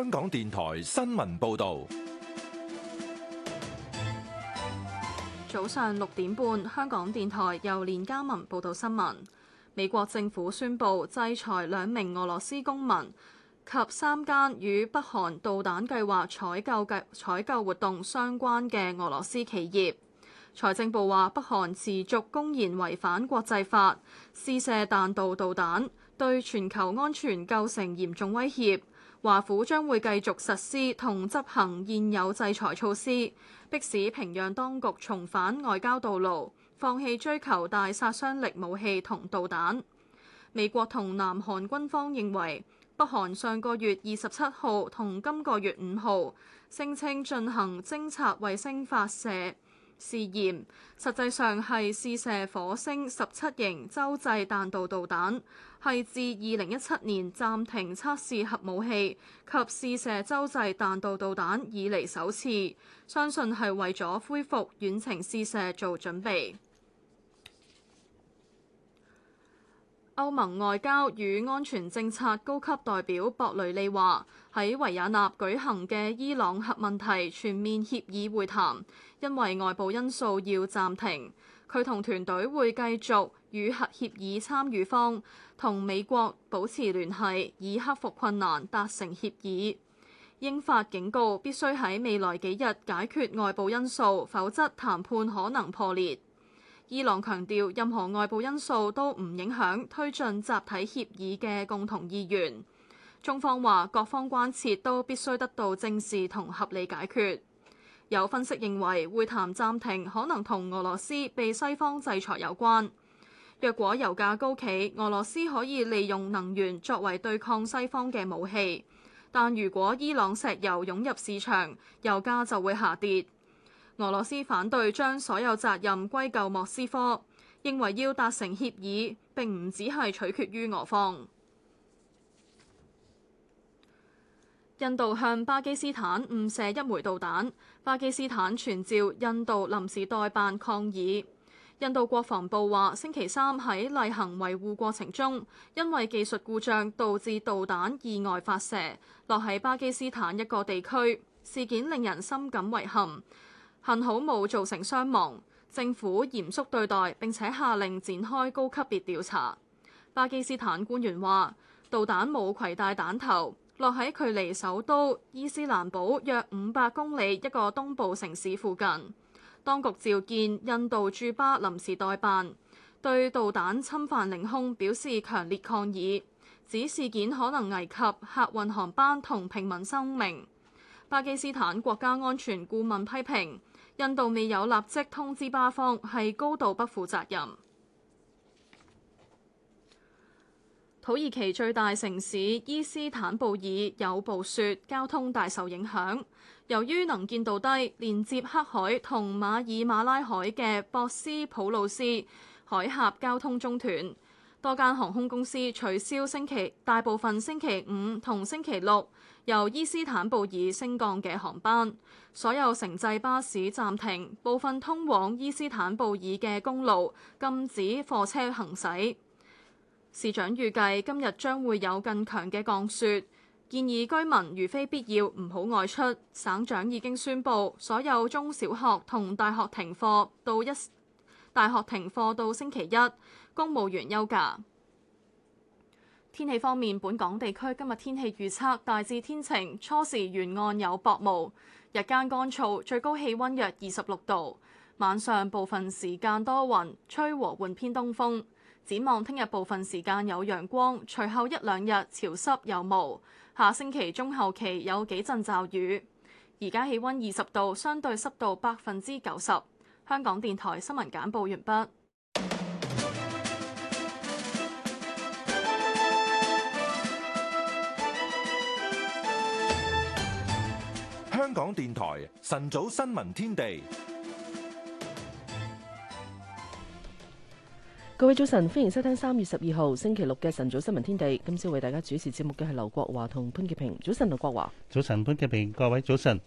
香港電台新聞報道，早上六點半，香港電台由連家文報道新聞。美國政府宣布制裁兩名俄羅斯公民及三間與北韓導彈計劃採購計採購活動相關嘅俄羅斯企業。財政部話，北韓持續公然違反國際法，試射彈道導彈，對全球安全構成嚴重威脅。華府將會繼續實施同執行現有制裁措施，迫使平壤當局重返外交道路，放棄追求大殺傷力武器同導彈。美國同南韓軍方認為，北韓上個月二十七號同今個月五號聲稱進行偵察衛星發射試驗實際上係試射火星十七型洲際彈道導彈，係自二零一七年暫停測試核武器及試射洲際彈道導彈以來首次，相信係為咗恢復遠程試射做準備。歐盟外交與安全政策高級代表博雷利話，喺維也納舉行嘅伊朗核問題全面協議會談，因為外部因素要暫停。佢同團隊會繼續與核協議參與方，同美國保持聯繫，以克服困難達成協議。英法警告必須喺未來幾日解決外部因素，否則談判可能破裂。伊朗強調，任何外部因素都唔影響推進集體協議嘅共同意願。中方話，各方關切都必須得到正視同合理解決。有分析認為，會談暫停可能同俄羅斯被西方制裁有關。若果油價高企，俄羅斯可以利用能源作為對抗西方嘅武器；但如果伊朗石油湧入市場，油價就會下跌。俄羅斯反對將所有責任歸咎莫斯科，認為要達成協議，並唔只係取決於俄方。印度向巴基斯坦誤射一枚導彈，巴基斯坦傳召印度臨時代辦抗議。印度國防部話，星期三喺例行維護過程中，因為技術故障導致導彈意外發射，落喺巴基斯坦一個地區。事件令人深感遺憾。幸好冇造成傷亡，政府嚴肅對待並且下令展開高級別調查。巴基斯坦官員話：導彈冇攜帶彈頭，落喺距離首都伊斯蘭堡約五百公里一個東部城市附近。當局召見印度駐巴臨時代辦，對導彈侵犯領空表示強烈抗議，指事件可能危及客運航班同平民生命。巴基斯坦國家安全顧問批評。印度未有立即通知巴方，係高度不負責任。土耳其最大城市伊斯坦布爾有暴雪，交通大受影響，由於能見度低，連接黑海同馬爾馬拉海嘅博斯普魯斯海峽交通中斷，多間航空公司取消星期大部分星期五同星期六。由伊斯坦布爾升降嘅航班，所有城際巴士暫停，部分通往伊斯坦布爾嘅公路禁止貨車行駛。市長預計今日將會有更強嘅降雪，建議居民如非必要唔好外出。省長已經宣布所有中小學同大學停課到一，大學停課到星期一，公務員休假。天氣方面，本港地區今日天氣預測大致天晴，初時沿岸有薄霧，日間乾燥，最高氣溫約二十六度。晚上部分時間多雲，吹和緩偏東風。展望聽日部分時間有陽光，隨後一兩日潮濕有霧。下星期中後期有幾陣驟雨。而家氣溫二十度，相對濕度百分之九十。香港電台新聞簡報完畢。香港電台晨早新聞天地，各位早晨，歡迎收聽三月十二號星期六嘅晨早新聞天地。今朝為大家主持節目嘅係劉國華同潘潔平。早晨，劉國華。早晨，潘潔平。各位早晨。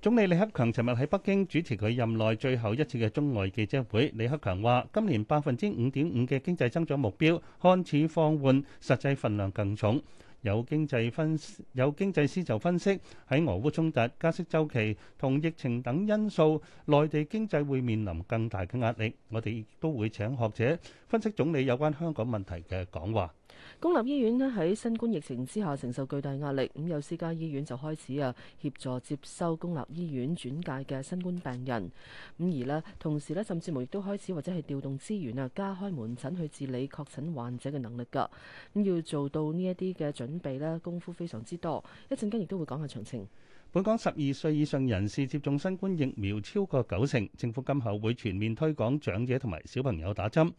總理李克強尋日喺北京主持佢任內最後一次嘅中外記者會。李克強話：今年百分之五點五嘅經濟增長目標看似放緩，實際份量更重。有經濟分有經濟師就分析，喺俄烏衝突、加息週期同疫情等因素，內地經濟會面臨更大嘅壓力。我哋亦都會請學者分析總理有關香港問題嘅講話。公立醫院呢，喺新冠疫情之下承受巨大壓力，咁有私家醫院就開始啊協助接收公立醫院轉介嘅新冠病人，咁而呢同時呢甚至乎亦都開始或者係調動資源啊加開門診去治理確診患者嘅能力㗎，咁要做到呢一啲嘅準備呢，功夫非常之多，會會一陣間亦都會講下詳情。本港十二歲以上人士接種新冠疫苗超過九成，政府今後會全面推廣長者同埋小朋友打針。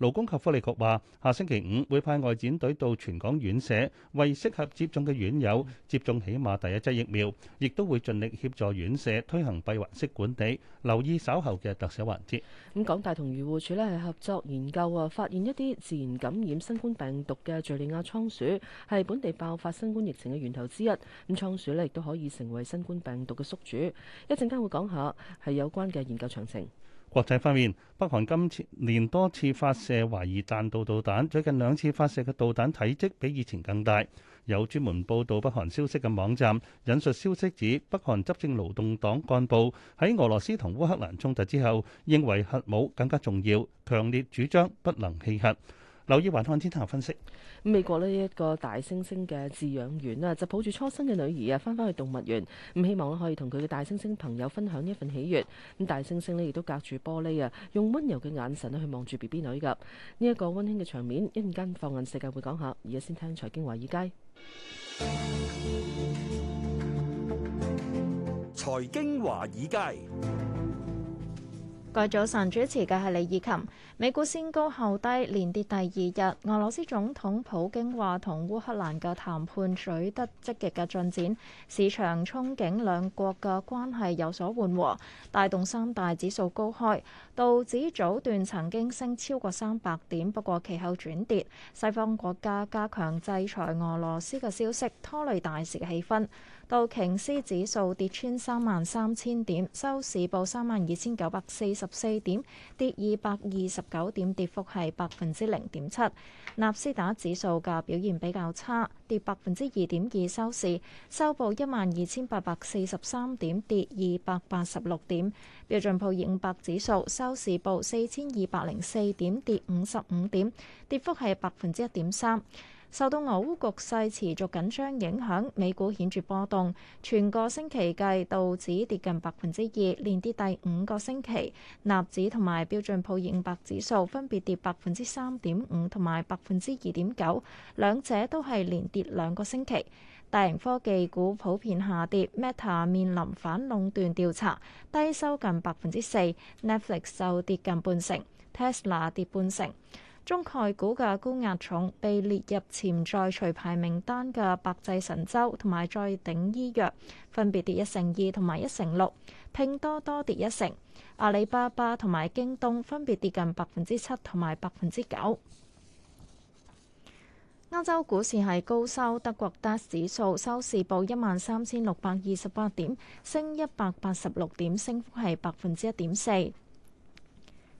勞工及福利局話：下星期五會派外展隊到全港院舍，為適合接種嘅院友接種起碼第一劑疫苗，亦都會盡力協助院舍推行閉環式管理，留意稍後嘅特寫環節。咁港大同漁護署咧係合作研究，發現一啲自然感染新冠病毒嘅敍利亞倉鼠係本地爆發新冠疫情嘅源頭之一。咁倉鼠咧亦都可以成為新冠病毒嘅宿主。一陣間會講下係有關嘅研究詳情。國際方面，北韓今年多次發射懷疑彈道導彈，最近兩次發射嘅導彈體積比以前更大。有專門報導北韓消息嘅網站引述消息指，北韓執政勞動黨幹部喺俄羅斯同烏克蘭衝突之後，認為核武更加重要，強烈主張不能棄核。留意環看天下分析。美國咧一個大猩猩嘅飼養員啦，就抱住初生嘅女兒啊，翻翻去動物園，咁希望可以同佢嘅大猩猩朋友分享一份喜悅。咁大猩猩咧亦都隔住玻璃啊，用溫柔嘅眼神去望住 B B 女噶。呢、這、一個溫馨嘅場面，一陣間放眼世界會講下。而家先聽財經華爾街。財經華爾街。早晨主持嘅係李以琴。美股先高後低，連跌第二日。俄羅斯總統普京話同烏克蘭嘅談判取得積極嘅進展，市場憧憬兩國嘅關係有所緩和，帶動三大指數高開。道指早段曾經升超過三百點，不過其後轉跌。西方國家加強制裁俄羅斯嘅消息拖累大市嘅氣氛。道瓊斯指數跌穿三萬三千點，收市報三萬二千九百四十四點，跌二百二十九點，跌幅係百分之零點七。納斯達指數嘅表現比較差，跌百分之二點二收市，收報一萬二千八百四十三點，跌二百八十六點。標準普爾五百指數收市報四千二百零四點，跌五十五點，跌幅係百分之一點三。受到俄烏局勢持續緊張影響，美股顯著波動。全個星期計，道指跌近百分之二，連跌第五個星期。納指同埋標準普爾五百指數分別跌百分之三點五同埋百分之二點九，兩者都係連跌兩個星期。大型科技股普遍下跌，Meta 面臨反壟斷調查，低收近百分之四；Netflix 就跌近半成，Tesla 跌半成。中概股嘅高壓重被列入潛在除牌名單嘅百濟神州同埋再鼎醫藥分別跌一成二同埋一成六，拼多多跌一成，阿里巴巴同埋京東分別跌近百分之七同埋百分之九。歐洲股市係高收，德國 DAX 指數收市報一萬三千六百二十八點，升一百八十六點，升幅係百分之一點四。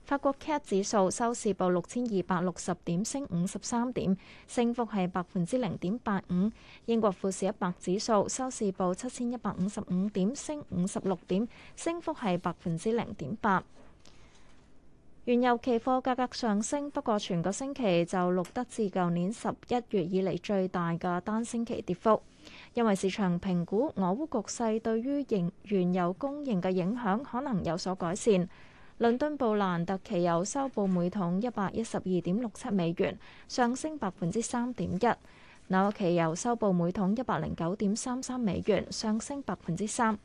法國 CAC 指數收市報六千二百六十點，升五十三點，升幅係百分之零點八五。英國富時一百指數收市報七千一百五十五點，升五十六點，升幅係百分之零點八。原油期貨價格上升，不過全個星期就錄得自舊年十一月以嚟最大嘅單星期跌幅，因為市場評估俄烏局勢對於油原油供應嘅影響可能有所改善。倫敦布蘭特期油收報每桶一百一十二點六七美元，上升百分之三點一；紐約期油收報每桶一百零九點三三美元，上升百分之三。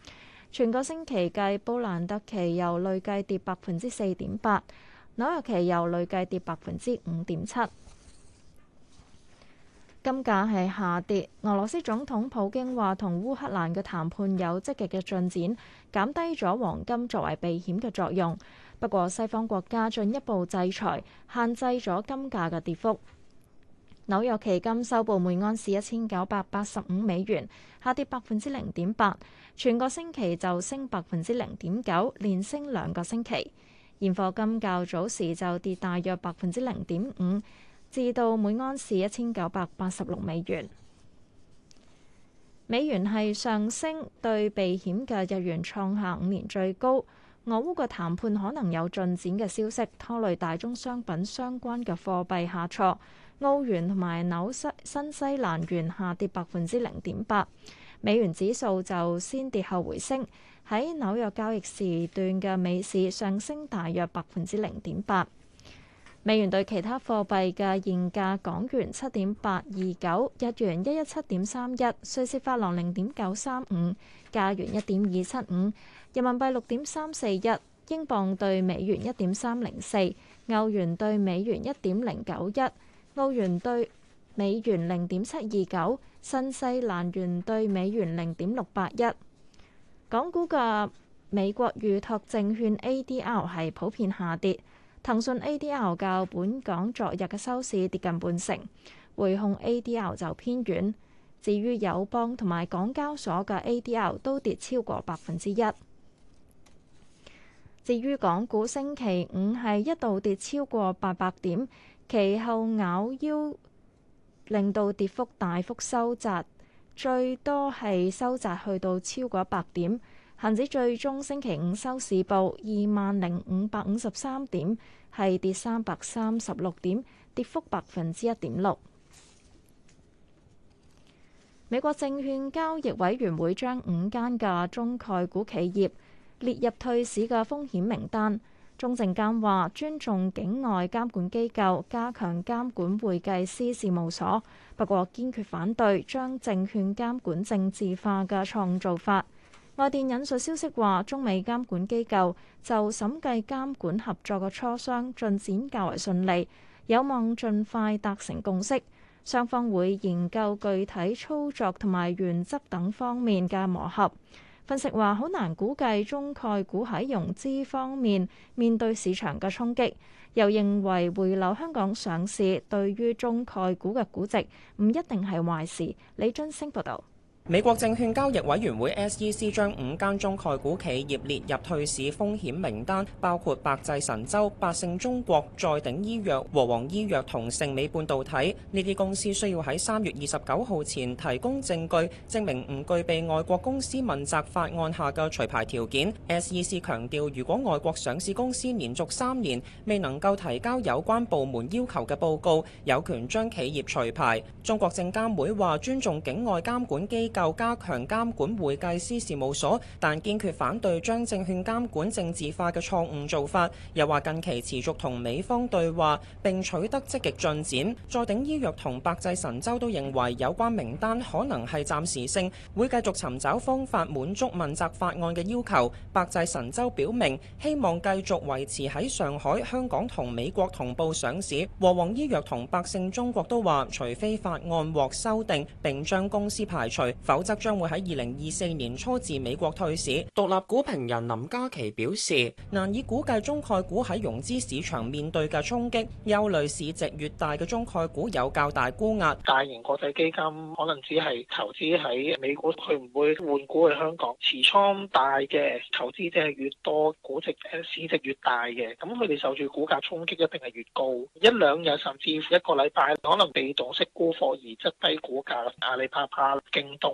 全個星期計，布蘭特期油累計跌百分之四點八，紐約期油累計跌百分之五點七。金價係下跌。俄羅斯總統普京話，同烏克蘭嘅談判有積極嘅進展，減低咗黃金作為避險嘅作用。不過，西方國家進一步制裁，限制咗金價嘅跌幅。紐約期金收報每安士一千九百八十五美元，下跌百分之零點八，全個星期就升百分之零點九，連升兩個星期。現貨金較早時就跌大約百分之零點五，至到每安士一千九百八十六美元。美元係上升，對避險嘅日元創下五年最高。俄烏嘅談判可能有進展嘅消息，拖累大宗商品相關嘅貨幣下挫，澳元同埋紐西新西蘭元下跌百分之零點八，美元指數就先跌後回升，喺紐約交易時段嘅美市上升大約百分之零點八。美元兌其他貨幣嘅現價：港元七點八二九，日元一一七點三一，瑞士法郎零點九三五，加元一點二七五，人民幣六點三四一，英鎊對美元一點三零四，歐元對美元一點零九一，澳元對美元零點七二九，新西蘭元對美元零點六八一。港股嘅美國預託證券 ADR 係普遍下跌。騰訊 A.D.L. 較本港昨日嘅收市跌近半成，匯控 A.D.L. 就偏軟。至於友邦同埋港交所嘅 A.D.L. 都跌超過百分之一。至於港股星期五係一度跌超過八百點，其後咬腰令到跌幅大幅收窄，最多係收窄去到超過一百點。恒指最終星期五收市報二萬零五百五十三點，係跌三百三十六點，跌幅百分之一點六。美國證券交易委員會將五間嘅中概股企業列入退市嘅風險名單。中證監話尊重境外監管機構，加強監管會計師事務所，不過堅決反對將證券監管政治化嘅錯誤做法。外電引述消息話，中美監管機構就審計監管合作嘅磋商進展較為順利，有望盡快達成共識，雙方會研究具體操作同埋原則等方面嘅磨合。分析話，好難估計中概股喺融資方面面對市場嘅衝擊，又認為回流香港上市對於中概股嘅估值唔一定係壞事。李津升報道。美國證券交易委員會 SEC 將五間中概股企業列入退市風險名單，包括百濟神州、百勝中國、再鼎醫藥、和黃醫藥同盛美半導體。呢啲公司需要喺三月二十九號前提供證據，證明唔具備外國公司問責法案下嘅除牌條件。SEC 強調，如果外國上市公司連續三年未能夠提交有關部門要求嘅報告，有權將企業除牌。中國證監會話尊重境外監管機構。夠加強監管會計師事務所，但堅決反對將證券監管政治化嘅錯誤做法。又話近期持續同美方對話，並取得積極進展。再鼎醫藥同百濟神州都認為有關名單可能係暫時性，會繼續尋找方法滿足問責法案嘅要求。百濟神州表明希望繼續維持喺上海、香港同美國同步上市。和黃醫藥同百勝中國都話，除非法案獲修訂，並將公司排除，否則將會喺二零二四年初自美國退市。獨立股評人林嘉琪表示，難以估計中概股喺融資市場面對嘅衝擊，憂慮市值越大嘅中概股有較大沽壓。大型國際基金可能只係投資喺美股，佢唔會換股去香港。持倉大嘅投資者越多，股值市值越大嘅，咁佢哋受住股價衝擊一定係越高。一兩日甚至一個禮拜，可能被動式沽貨而擠低股價。阿里巴巴動、京東。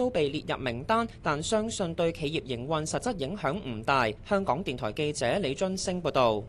都被列入名單，但相信對企業營運實質影響唔大。香港電台記者李俊升報道，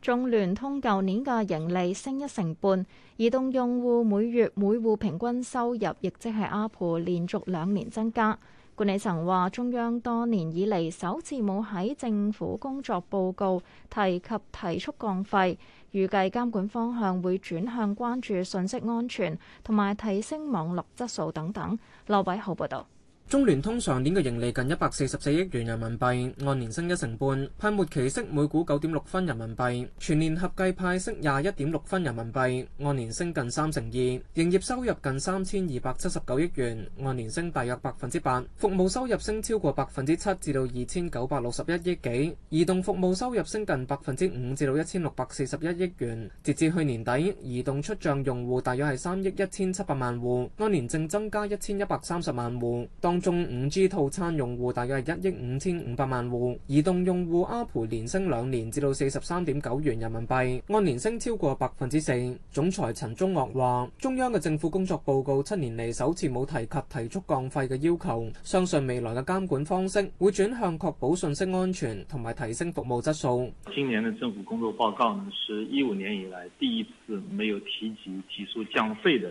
中聯通舊年嘅盈利升一成半，移動用戶每月每戶平均收入亦即係阿普連續兩年增加。管理層話中央多年以嚟，首次冇喺政府工作報告提及提速降費。預計監管方向會轉向關注信息安全同埋提升網絡質素等等。劉偉豪報道。中聯通上年嘅盈利近一百四十四億元人民幣，按年升一成半，派末期息每股九點六分人民幣，全年合計派息廿一點六分人民幣，按年升近三成二。營業收入近三千二百七十九億元，按年升大約百分之八。服務收入升超過百分之七，至到二千九百六十一億幾。移動服務收入升近百分之五，至到一千六百四十一億元。截至去年底，移動出賬用戶大約係三億一千七百萬戶，按年淨增加一千一百三十萬戶。當中五 G 套餐用戶大約係一億五千五百萬戶，移動用戶 ARPU 連升兩年，至到四十三點九元人民幣，按年升超過百分之四。總裁陳忠岳話：中央嘅政府工作報告七年嚟首次冇提及提速降費嘅要求，相信未來嘅監管方式會轉向確保信息安全同埋提升服務質素。今年嘅政府工作報告呢，是一五年以來第一次沒有提及提速降費的。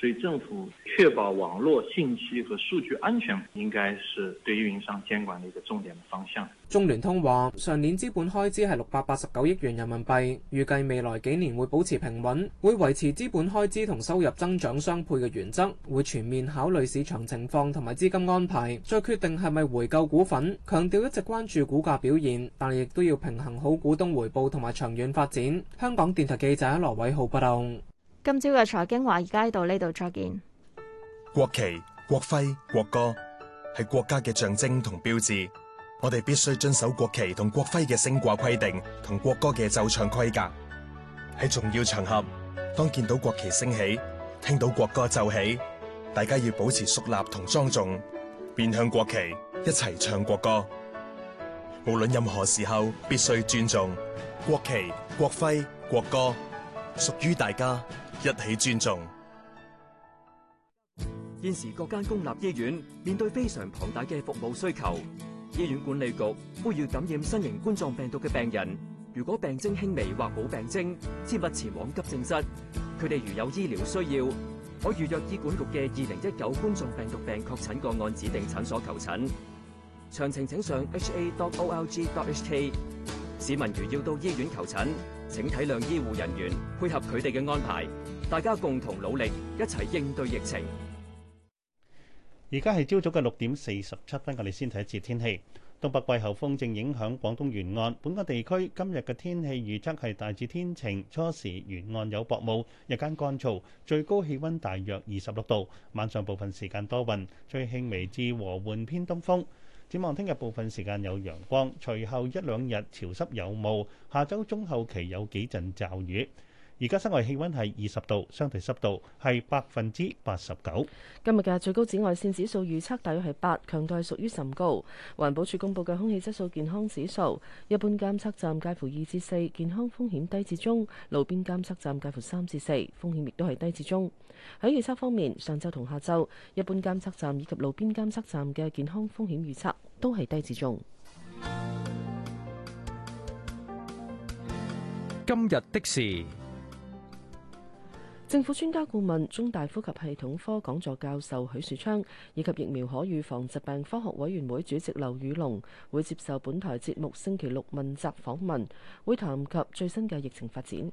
所以政府確保網絡信息和數據安全，應該是對運營商監管的一個重點的方向。中聯通話上年資本開支係六百八十九億元人民幣，預計未來幾年會保持平穩，會維持資本開支同收入增長相配嘅原則，會全面考慮市場情況同埋資金安排，再決定係咪回購股份。強調一直關注股價表現，但係亦都要平衡好股東回報同埋長遠發展。香港電台記者羅偉浩報道。今朝嘅財經華而家喺度呢度再見。國旗、國徽、國歌係國家嘅象徵同標誌，我哋必須遵守國旗同國徽嘅升掛規定，同國歌嘅奏唱規格。喺重要場合，當見到國旗升起，聽到國歌奏起，大家要保持肅立同莊重，面向國旗一齊唱國歌。無論任何時候，必須尊重國旗、國徽、國歌，屬於大家。一起尊重。現時各間公立醫院面對非常龐大嘅服務需求，醫院管理局呼籲感染新型冠狀病毒嘅病人，如果病徵輕微或冇病徵，切勿前往急症室。佢哋如有醫療需要，可預約醫管局嘅二零一九冠狀病毒病確診個案指定診所求診。詳情請上 ha.org.hk。市民如要到醫院求診，請體諒醫護人員，配合佢哋嘅安排。大家共同努力，一齊應對疫情。而家係朝早嘅六點四十七分，我哋先睇一次天氣。東北季候風正影響廣東沿岸本港地區，今日嘅天氣預測係大致天晴，初時沿岸有薄霧，日間乾燥，最高氣温大約二十六度，晚上部分時間多雲，吹輕微至和緩偏東風。展望聽日部分時間有陽光，隨後一兩日潮濕有霧，下周中後期有幾陣驟雨。而家室外氣溫係二十度，相對濕度係百分之八十九。今日嘅最高紫外線指數預測大約係八，強度屬於甚高。環保署公布嘅空氣質素健康指數，一般監測站介乎二至四，健康風險低至中；路邊監測站介乎三至四，風險亦都係低至中。喺預測方面，上晝同下晝，一般監測站以及路邊監測站嘅健康風險預測都係低至中。今日的時。政府專家顧問、中大呼吸系統科講座教授許樹昌，以及疫苗可預防疾病科學委員會主席劉宇隆，會接受本台節目星期六問責訪問，會談及最新嘅疫情發展。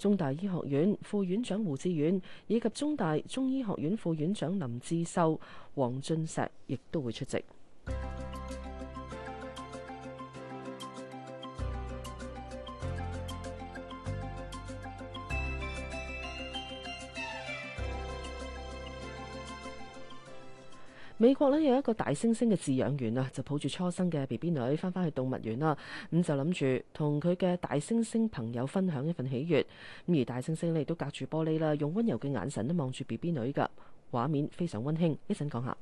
中大醫學院副院長胡志遠，以及中大中醫學院副院長林志秀、王俊石亦都會出席。美國咧有一個大猩猩嘅飼養員啊，就抱住初生嘅 B B 女翻返去動物園啦。咁就諗住同佢嘅大猩猩朋友分享一份喜悅。咁而大猩猩咧亦都隔住玻璃啦，用溫柔嘅眼神都望住 B B 女㗎，畫面非常溫馨。一陣講下。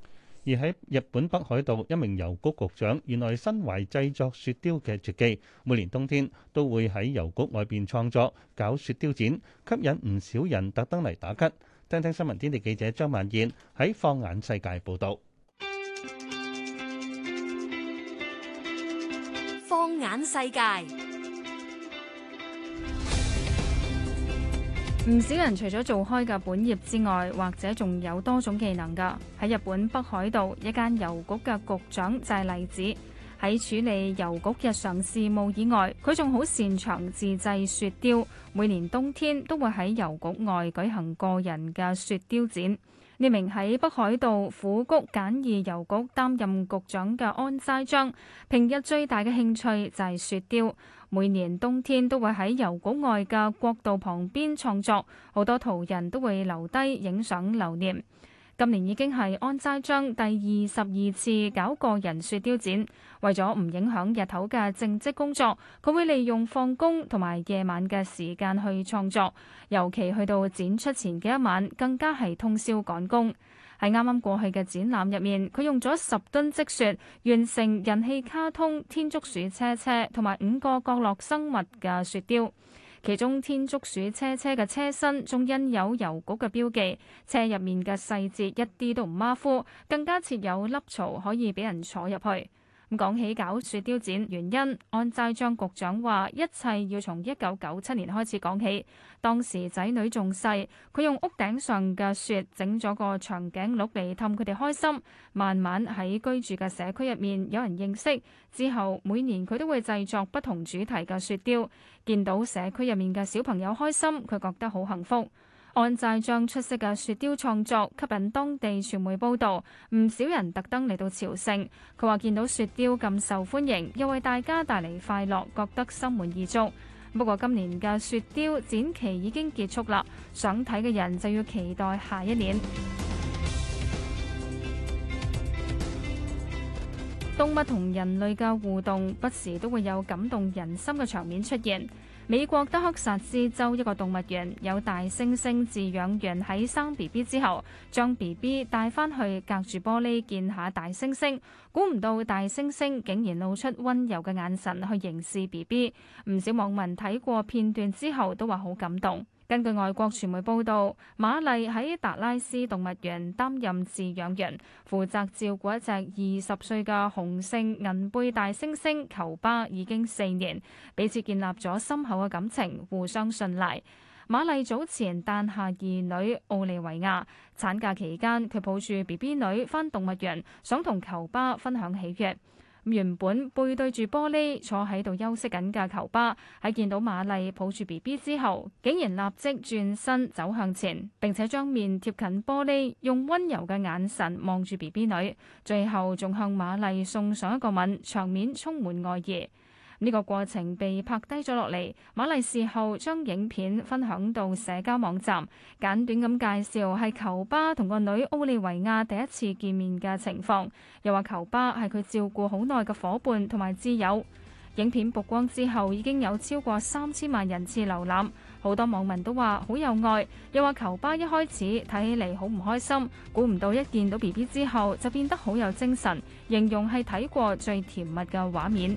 而喺日本北海道，一名郵局局長原來身懷製作雪雕嘅絕技，每年冬天都會喺郵局外邊創作搞雪雕展，吸引唔少人特登嚟打卡。聽聽新聞天地記者張曼燕喺放眼世界報導。眼世界，唔少人除咗做開嘅本業之外，或者仲有多種技能㗎。喺日本北海道一間郵局嘅局長就係例子。喺處理郵局日常事務以外，佢仲好擅長自製雪雕。每年冬天都會喺郵局外舉行個人嘅雪雕展。呢名喺北海道虎谷簡易郵局擔任局長嘅安齋章，平日最大嘅興趣就係雪雕。每年冬天都會喺郵局外嘅國道旁邊創作，好多途人都會留低影相留念。今年已經係安齋將第二十二次搞個人雪雕展，為咗唔影響日頭嘅正職工作，佢會利用放工同埋夜晚嘅時間去創作，尤其去到展出前嘅一晚，更加係通宵趕工。喺啱啱過去嘅展覽入面，佢用咗十噸積雪完成人氣卡通天竺鼠車車同埋五個角落生物嘅雪雕。其中天竺鼠車車嘅車身，仲印有郵局嘅標記，車入面嘅細節一啲都唔馬虎，更加設有凹槽可以俾人坐入去。咁講起搞雪雕展原因，安齋章局長話：一切要從一九九七年開始講起。當時仔女仲細，佢用屋頂上嘅雪整咗個長頸鹿嚟氹佢哋開心。慢慢喺居住嘅社區入面有人認識，之後每年佢都會製作不同主題嘅雪雕，見到社區入面嘅小朋友開心，佢覺得好幸福。按寨將出色嘅雪雕創作吸引當地傳媒報道，唔少人特登嚟到朝聖。佢話見到雪雕咁受歡迎，又為大家帶嚟快樂，覺得心滿意足。不過今年嘅雪雕展期已經結束啦，想睇嘅人就要期待下一年。動物同人類嘅互動，不時都會有感動人心嘅場面出現。美國德克薩斯州一個動物園有大猩猩飼養員喺生 B B 之後，將 B B 帶翻去隔住玻璃見下大猩猩，估唔到大猩猩竟然露出溫柔嘅眼神去凝視 B B，唔少網民睇過片段之後都話好感動。根據外國傳媒報道，瑪麗喺達拉斯動物園擔任飼養員，負責照顧一隻二十歲嘅雄性銀背大猩猩球巴已經四年，彼此建立咗深厚嘅感情，互相信賴。瑪麗早前誕下二女奧利維亞，產假期間佢抱住 B B 女返動物園，想同球巴分享喜悅。原本背對住玻璃坐喺度休息緊嘅球巴，喺見到馬麗抱住 B B 之後，竟然立即轉身走向前，並且將面貼近玻璃，用溫柔嘅眼神望住 B B 女，最後仲向馬麗送上一個吻，場面充滿愛意。呢個過程被拍低咗落嚟。馬麗事後將影片分享到社交網站，簡短咁介紹係球巴同個女奧利維亞第一次見面嘅情況，又話球巴係佢照顧好耐嘅伙伴同埋摯友。影片曝光之後已經有超過三千萬人次瀏覽，好多網民都話好有愛，又話球巴一開始睇起嚟好唔開心，估唔到一見到 BB 之後就變得好有精神，形容係睇過最甜蜜嘅畫面。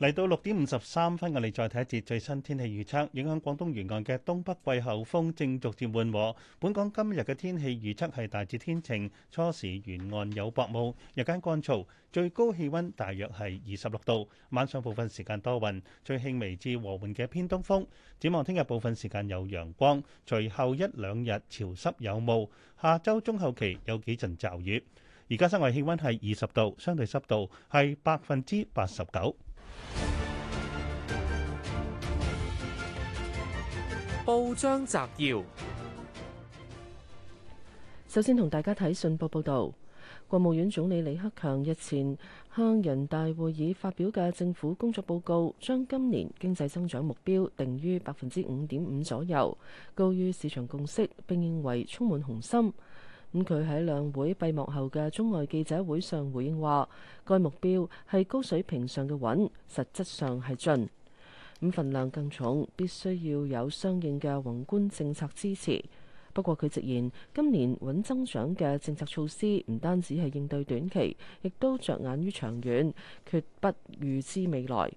嚟到六點五十三分，我哋再睇一節最新天氣預測。影響廣東沿岸嘅東北季候風正逐漸緩和。本港今日嘅天氣預測係大致天晴，初時沿岸有薄霧，日間乾燥，最高氣温大約係二十六度。晚上部分時間多雲，最輕微至和緩嘅偏東風。展望聽日部分時間有陽光，隨後一兩日潮濕有霧。下周中後期有幾陣驟雨。而家室外氣温係二十度，相對濕度係百分之八十九。報章摘要：首先同大家睇信報報道，國務院總理李克強日前向人大會議發表嘅政府工作報告，將今年經濟增長目標定於百分之五點五左右，高於市場共識，並認為充滿雄心。咁佢喺兩會閉幕後嘅中外記者會上回應話，該目標係高水平上嘅穩，實質上係進。五份量更重，必須要有相應嘅宏觀政策支持。不過，佢直言今年穩增長嘅政策措施唔單止係應對短期，亦都着眼於長遠，決不預支未來。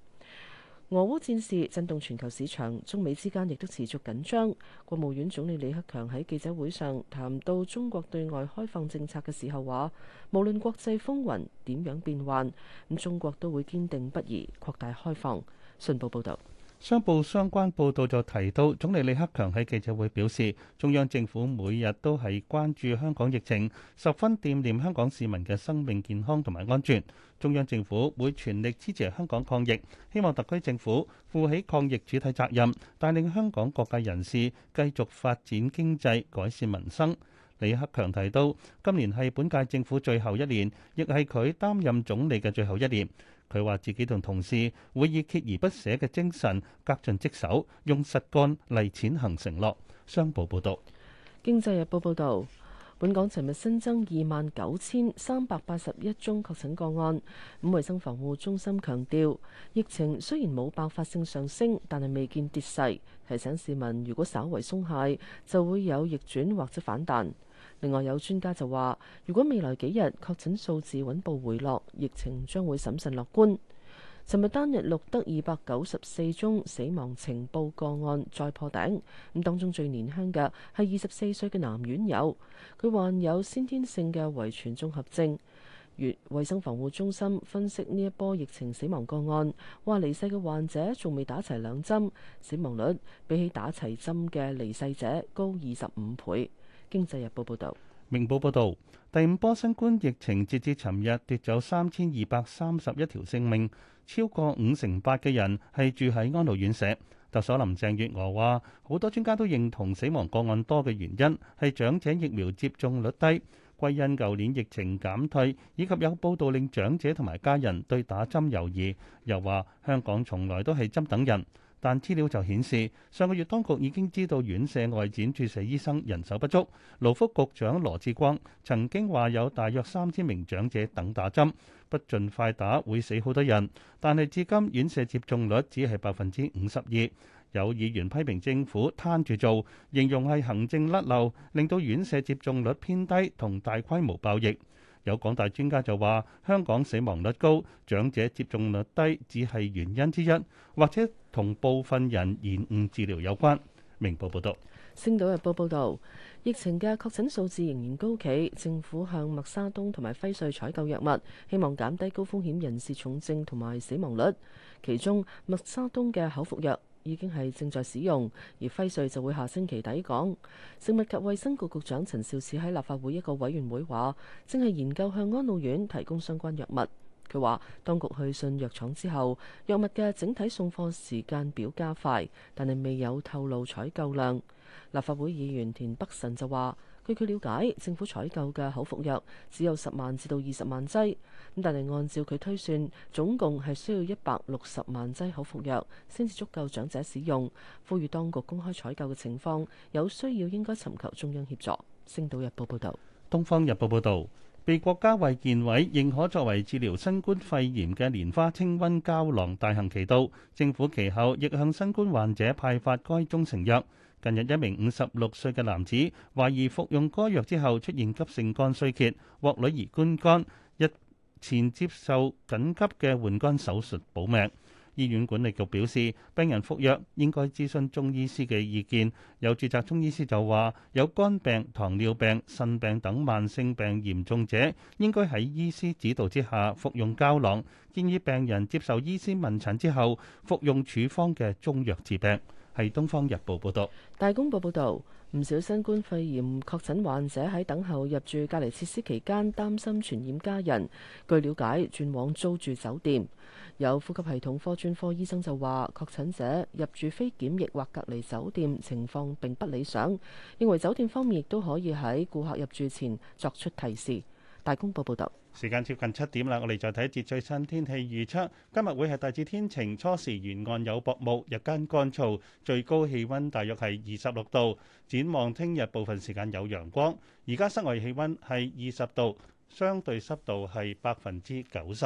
俄烏戰事震動全球市場，中美之間亦都持續緊張。國務院總理李克強喺記者會上談到中國對外開放政策嘅時候話，無論國際風雲點樣變幻，咁中國都會堅定不移擴大開放。信報報道。商報相關報道就提到，總理李克強喺記者會表示，中央政府每日都係關注香港疫情，十分惦念香港市民嘅生命健康同埋安全。中央政府會全力支持香港抗疫，希望特區政府負起抗疫主體責任，帶領香港各界人士繼續發展經濟，改善民生。李克強提到，今年係本屆政府最後一年，亦係佢擔任總理嘅最後一年。佢話：自己同同事會以鍥而不捨嘅精神，恪盡職守，用實幹嚟踐行承諾。商報報道：經濟日報報道。本港尋日新增二萬九千三百八十一宗確診個案，咁衞生防護中心強調，疫情雖然冇爆發性上升，但係未見跌勢，提醒市民如果稍為鬆懈，就會有逆轉或者反彈。另外有專家就話，如果未來幾日確診數字穩步回落，疫情將會審慎樂觀。尋日單日錄得二百九十四宗死亡情報個案，再破頂。咁當中最年輕嘅係二十四歲嘅男院友，佢患有先天性嘅遺傳綜合症。衛生防護中心分析呢一波疫情死亡個案，話離世嘅患者仲未打齊兩針，死亡率比起打齊針嘅離世者高二十五倍。經濟日報報道。明報報道，第五波新冠疫情截至尋日奪走三千二百三十一條性命。超過五成八嘅人係住喺安老院舍。特首林鄭月娥話：好多專家都認同死亡個案多嘅原因係長者疫苗接種率低，歸因舊年疫情減退，以及有報道令長者同埋家人對打針猶豫。又話香港從來都係針等人，但資料就顯示上個月當局已經知道院舍外展注射醫生人手不足。勞福局長羅致光曾經話有大約三千名長者等打針。不盡快打會死好多人，但係至今院舍接種率只係百分之五十二。有議員批評政府攤住做，形容係行政甩漏，令到院舍接種率偏低同大規模爆疫。有港大專家就話，香港死亡率高，長者接種率低只係原因之一，或者同部分人延誤治療有關。明報報道。星島日報報導，疫情嘅確診數字仍然高企，政府向默沙東同埋輝瑞採購藥物，希望減低高風險人士重症同埋死亡率。其中，默沙東嘅口服藥已經係正在使用，而輝瑞就會下星期抵港。食物及衛生局局長陳肇始喺立法會一個委員會話，正係研究向安老院提供相關藥物。佢話，當局去信藥廠之後，藥物嘅整體送貨時間表加快，但係未有透露採購量。立法會議員田北辰就話，據佢了解，政府採購嘅口服藥只有十萬至到二十萬劑，咁但係按照佢推算，總共係需要一百六十萬劑口服藥先至足夠長者使用。呼籲當局公開採購嘅情況，有需要應該尋求中央協助。星島日報報道，東方日報報道，被國家衛健委認可作為治療新冠肺炎嘅蓮花清瘟膠囊大行其道，政府其後亦向新冠患者派發該中成藥。近日，一名五十六歲嘅男子懷疑服用該藥之後出現急性肝衰竭，獲女兒捐肝，日前接受緊急嘅換肝手術保命。醫院管理局表示，病人服藥應該諮詢中醫師嘅意見，有註冊中醫師就話有肝病、糖尿病、腎病等慢性病嚴重者，應該喺醫師指導之下服用膠囊，建議病人接受醫師問診之後服用處方嘅中藥治病。係《東方日報》報道。《大公報》報道，唔少新冠肺炎確診患者喺等候入住隔離設施期間，擔心傳染家人，據了解轉往租住酒店。有呼吸系統科專科醫生就話，確診者入住非檢疫或隔離酒店情況並不理想，認為酒店方面亦都可以喺顧客入住前作出提示。《大公報》報道。時間接近七點啦，我哋再睇一節最新天氣預測。今日會係大致天晴，初時沿岸有薄霧，日間乾燥，最高氣温大約係二十六度。展望聽日部分時間有陽光。而家室外氣温係二十度，相對濕度係百分之九十。